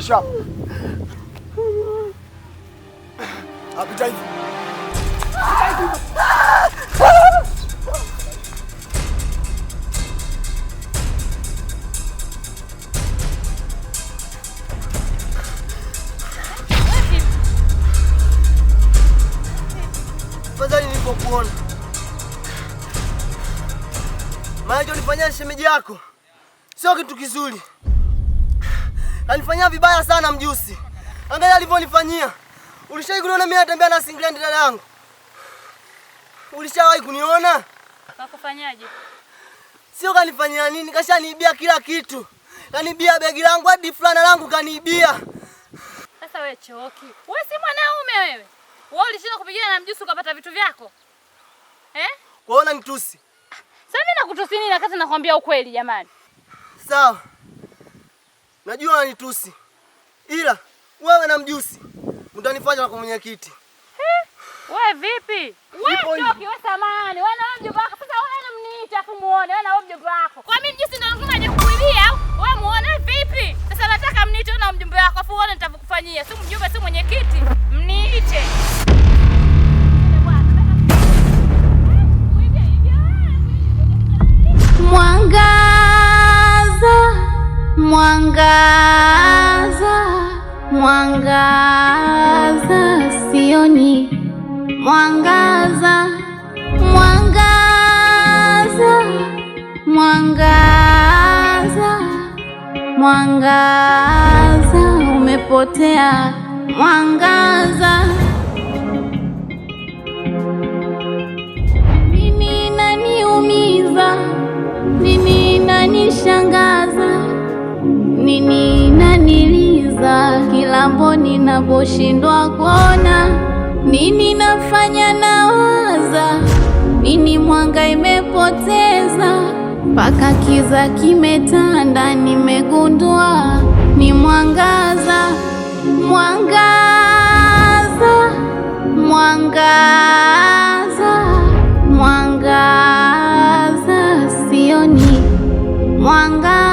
kuendesha. nilipokuona maana, nifanyia shemeji yako sio kitu kizuri. Alifanyia vibaya sana mjusi. Angalia alivyonifanyia. Ulishawahi kuniona mimi natembea na singlet dada yangu? Ulishawahi kuniona? Kakufanyaje? Sio kanifanyia nini? Kashaniibia kila kitu. Kaniibia begi langu hadi fulana langu kaniibia. Sasa wewe choki. Wewe si mwanaume wewe. Wewe ulishinda kupigana na mjusi ukapata vitu vyako. Eh? Kwaona nitusi. Sasa mimi nakutusi nini wakati nakwambia ukweli jamani? Sawa. So najua wanitusi, ila wewe na mjusi utanifanya kwa mwenyekiti. Wewe vipi? Wewe toki wewe samani. Wewe na mjomba wako sasa wewe unamniita afu muone. Wewe na mjomba wako. Kwa mimi mjusi na ni je kukuilia au wewe muone vipi? Sasa nataka mniite na mjomba wako afu uone nitakufanyia. Si mjumbe, si mwenyekiti. Mniite. Mwanga Mwangaza, mwangaza sioni, mwangaza, mwangaza, mwangaza, mwangaza umepotea, mwangaza nini naniumiza, nini nanishangaza nini naniliza kila mboni ninaposhindwa kuona? Nini nafanya nawaza, nini mwanga imepoteza, mpaka kiza kimetanda, nimegundua ni mwangaza, mwangaza, mwangaza, mwangaza sioni mwangaza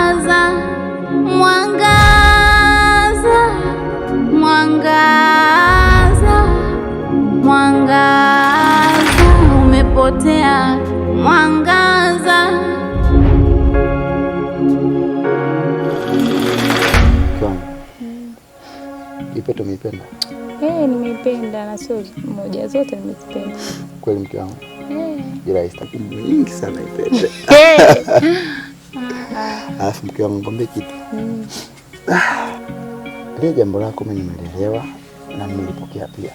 Pete umeipenda? Eh, nimeipenda na sio moja, zote nimezipenda. Kweli mke wangu. Eh. Ila istaki nyingi sana ipende. Eh. Alafu mke wangu ngombe kitu. Mm. Ah, Ile jambo lako mimi nimelelewa na nilipokea pia.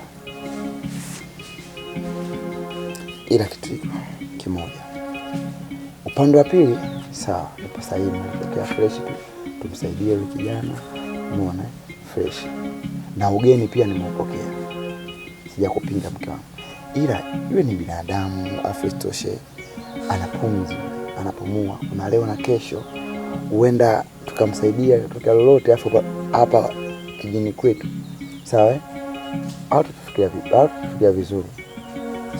Ila kitu kimoja. Upande wa pili sawa, nipo sahihi, nimelipokea fresh tu. Tumsaidie yule kijana muone fresh na ugeni pia nimeupokea, kupinga mke wangu, ila yule ni binadamu. afistoshe, anapumzi, anapumua, kuna leo na kesho, huenda tukamsaidia tokea lolote afu hapa kijini kwetu, sawa? Eh? Au tufikiria vizuri,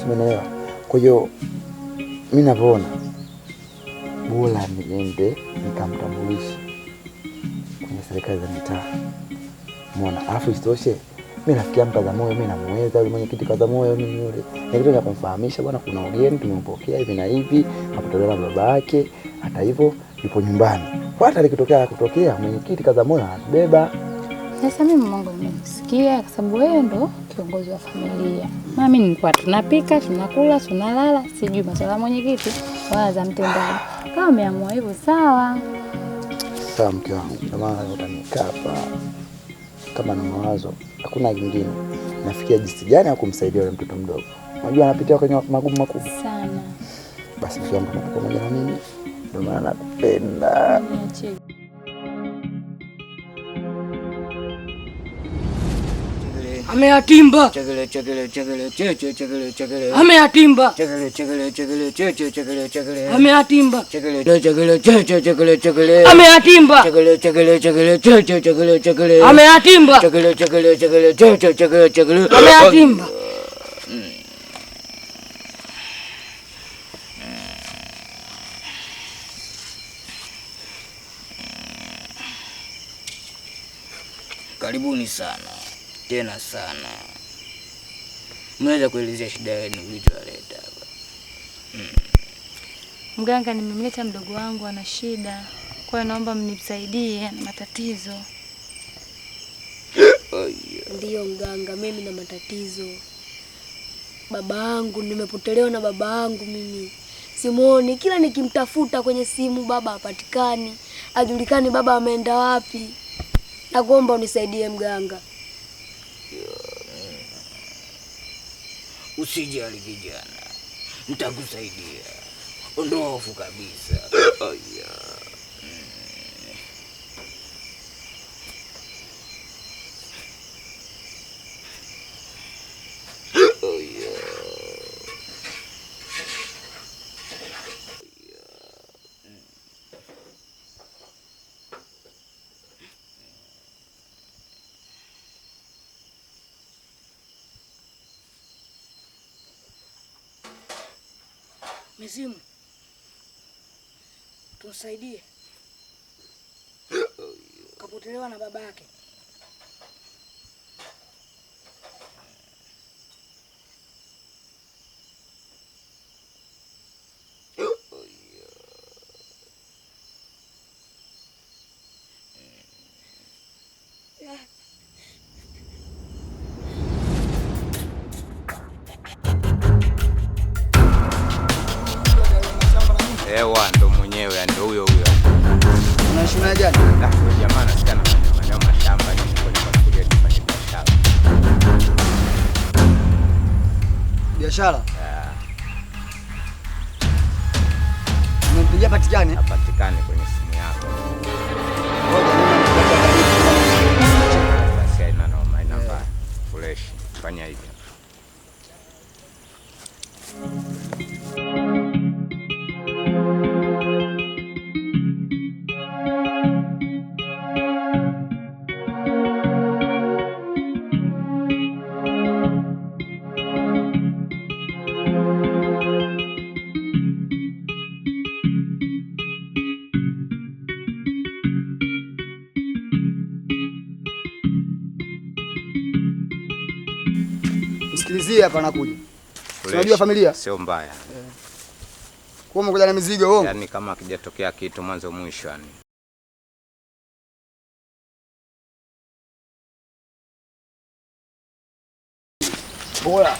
simenelewa. Kwa hiyo mi navyoona bora niende nikamtambulisha kwenye serikali za mitaa. Umeona? afu isitoshe mimi nafikia moyo, mimi namuweza yule mwenyekiti moyo mimi yule nikitoka yaani kumfahamisha, bwana, kuna ugeni tumempokea hivi na hivi, nakutolewa baba yake, hata hivyo yupo nyumbani, hata likitokea kutokea mwenyekiti moyo anatubeba. Sasa mimi Mungu nimesikia kwa sababu wewe ndo kiongozi wa familia. Na Mimi nilikuwa tunapika, tunakula, tunalala, sijui masuala ya mwenyekiti wala za mtendaji. Kama umeamua hivyo sawa. Sawa mke wangu, jamaa utanikapa kama na mawazo, hakuna kingine Nafikia jinsi gani ya kumsaidia yule mtoto mdogo, unajua anapitia kwenye magumu makubwa sana. Basi mtu wangu, pamoja na mimi, ndio maana nakupenda. Ameyatimba. Chekele chekele chekele cheche chekele chekele. Ameyatimba. Chekele chekele chekele cheche chekele chekele. Ameyatimba. Chekele chekele cheche chekele chekele. Ameyatimba. Chekele chekele chekele cheche chekele chekele. Ameyatimba. Chekele chekele chekele cheche chekele chekele. Ameyatimba. Karibuni sana tena sana. Mnaweza kuelezea shida yenu ulizoaleta hapa? Mm. Mganga, nimemleta mdogo wangu ana shida, kwa hiyo naomba mnisaidie, ana matatizo. Ndiyo mganga, mimi na matatizo. Baba yangu nimepotelewa na baba yangu mimi simuoni kila nikimtafuta kwenye simu baba hapatikani, ajulikani baba ameenda wapi. Nakuomba unisaidie mganga. Usijali kijana, nitakusaidia. Ondoa hofu kabisa. Oh, yeah. Mizimu tusaidie, kapotelewa na baba yake. biashara yeah. Umempigia patikane? Hapatikani ah, kwenye simu yako. Fanya hivi. mzee hapa anakuja. Unajua familia? Sio mbaya. Kwa hiyo mkuja na mizigo wao. Yaani kama akijatokea kitu mwanzo mwisho yani. Bora.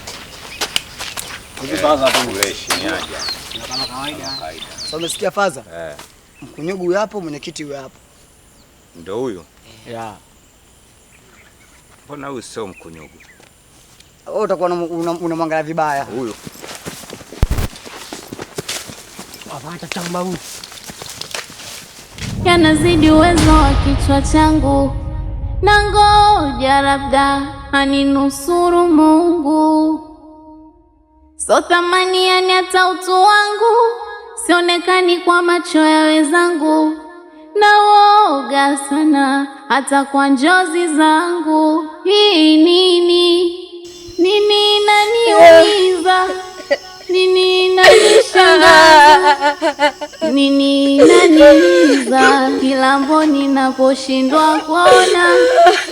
Kuzi eh, Na kama kawaida. Sasa umesikia faza? Eh. Mkunyugu yapo, mwenyekiti huyo hapo. Ndio huyo. Yeah. Mbona huyu sio mkunyugu? utakuwa unamwangalia vibaya huyo. Yanazidi uwezo wa kichwa changu, na ngoja labda aninusuru Mungu. So thamaniani hata utu wangu, sionekani kwa macho ya wenzangu, na woga sana hata kwa njozi zangu. Hii nini? Nini naniumiza? Nini nanishangaza? Nini naniliza kila mbo ninaposhindwa kuona?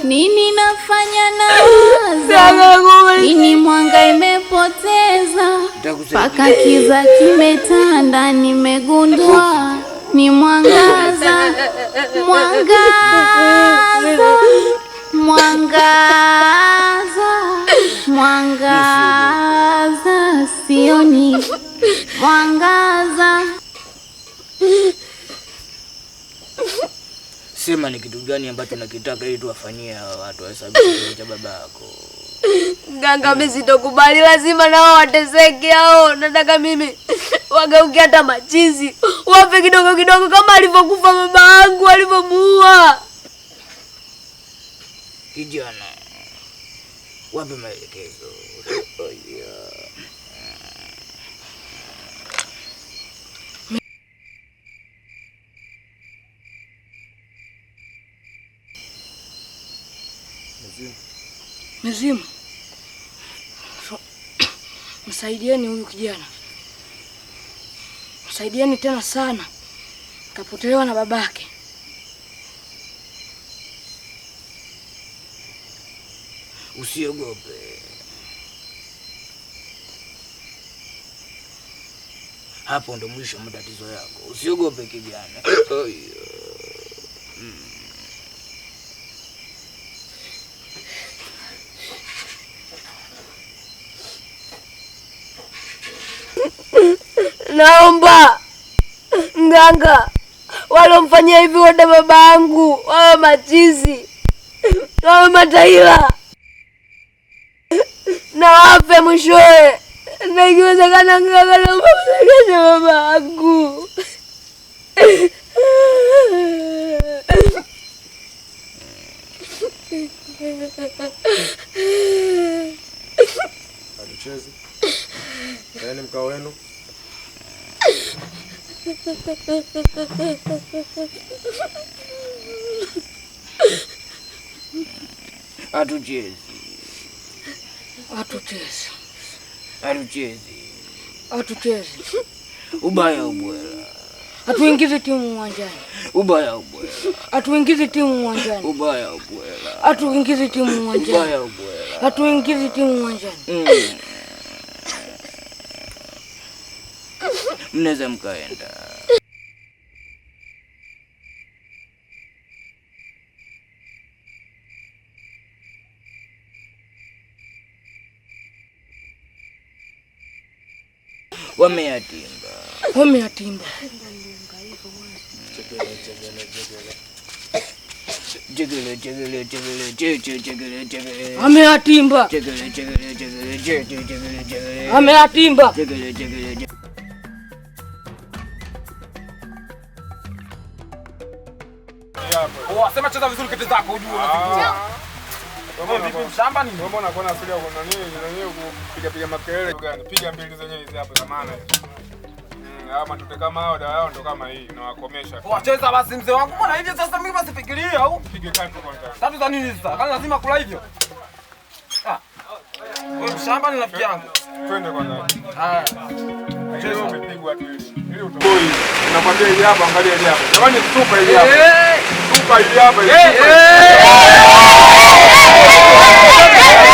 Nini nafanya nawaza? Nini mwanga imepoteza mpaka kiza kimetanda, nimegundua ni mwangaza, mwangaza, mwangaza Mwangaza sioni, mwangaza. Sema ni kitu gani ambacho nakitaka ili tuwafanyie hawa watu cha baba yako. ganga? mimi sitokubali, lazima nao wateseke hao. Nataka mimi wageuke hata machizi, wape kidogo kidogo, kama alivyokufa baba yangu alivyomuua kijana wape maelekezo. Mizimu, msaidieni huyu kijana, msaidieni tena sana, kapotelewa na babake. Usiogope. Hapo ndo mwisho wa matatizo yako. Usiogope kijana. Oh, hmm. Naomba mganga, walomfanyia hivi wote baba yangu wawe machizi, wawe mataila na wafe mwishowe, na ikiwezekana msaidie mama yangu. Hatuchezi yaani, mkao wenu hatuchezi Hatuchezi, hatuchezi, hatuchezi. Ubaya ubwela, hatuingizi timu uwanjani. Ubaya ubwela, hatuingizi timu uwanjani. Ubaya ubwela, hatuingizi timu uwanjani. Ubaya ubwela, hatuingizi timu uwanjani. Mm. Mnaweza mkaenda wameyatimba, wameyatimba. Ameatimba, ameatimba. Wasema cheza vizuri kete zako ujue ah shamba nini? Mbona unakuwa asili ya kuna nini? Wenyewe kupiga piga makelele gani? Piga mbili zenyewe hizi hapo za maana. Hmm, matute kama hao dawa yao ndo kama hii inawakomesha. Wacheza basi mzee wangu. Mbona hivi sasa mimi basi fikiria au? Pige tatu kwanza. Tatu za nini sasa? Kani lazima kula hivyo? Ah. Wewe shamba ni rafiki yangu. Twende kwanza. Haya. Cheza umepigwa tu Nakwambia hili hapa angalia hili hapa. Jamani tupa hili hapa. Tupa hili hapa.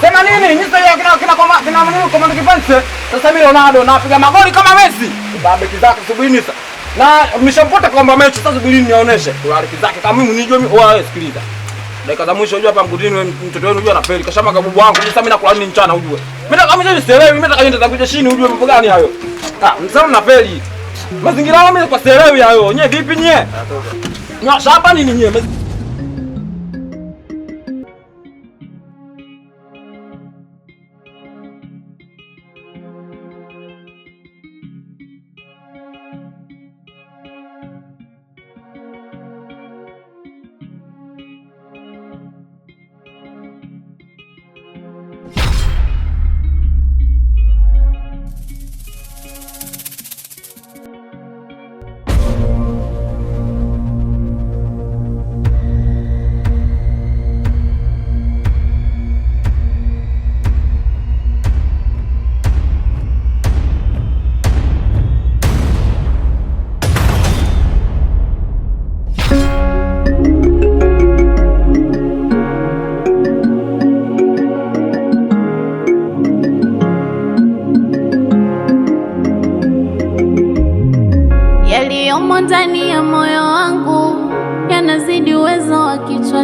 Sema nini? Nyinyi sasa kina kina kwa kina mimi mtu kipenzi. Sasa mimi Ronaldo napiga magoli kama Messi. Babeki zake suburini sasa. Na mmeshampota kwamba mechi sasa suburini nionyeshe. Kuhariki zake kama mimi nijue mimi wewe sikiliza. Dakika za mwisho unajua hapa mkutini mtoto wenu unajua anapeli. Kashama kabubu wangu sasa mimi nakula nini mchana ujue. Mimi kama mimi sielewi mimi nataka niende zangu chini ujue mambo gani hayo. Ah, msema mnapeli. Mazingira yao mimi kwa sielewi hayo. Nyewe vipi nyewe? Nyosha hapa nini nyewe?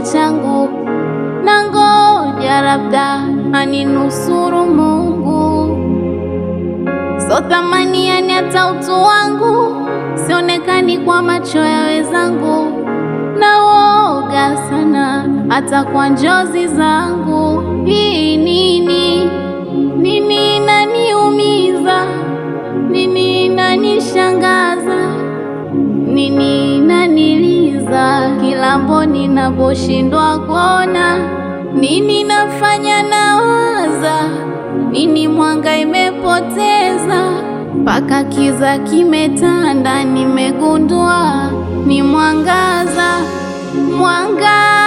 changu, na ngoja labda aninusuru Mungu. So thamani yani hata utu wangu sionekani kwa macho ya wenzangu, na woga sana hata kwa njozi zangu. Hii nini? Nini naniumiza? Nini nanishangaza? Nini nanili giza, kilambo ninaposhindwa kuona, nini nafanya nawaza, nini mwanga imepoteza, mpaka kiza kimetanda, nimegundua ni mwangaza, mwangaza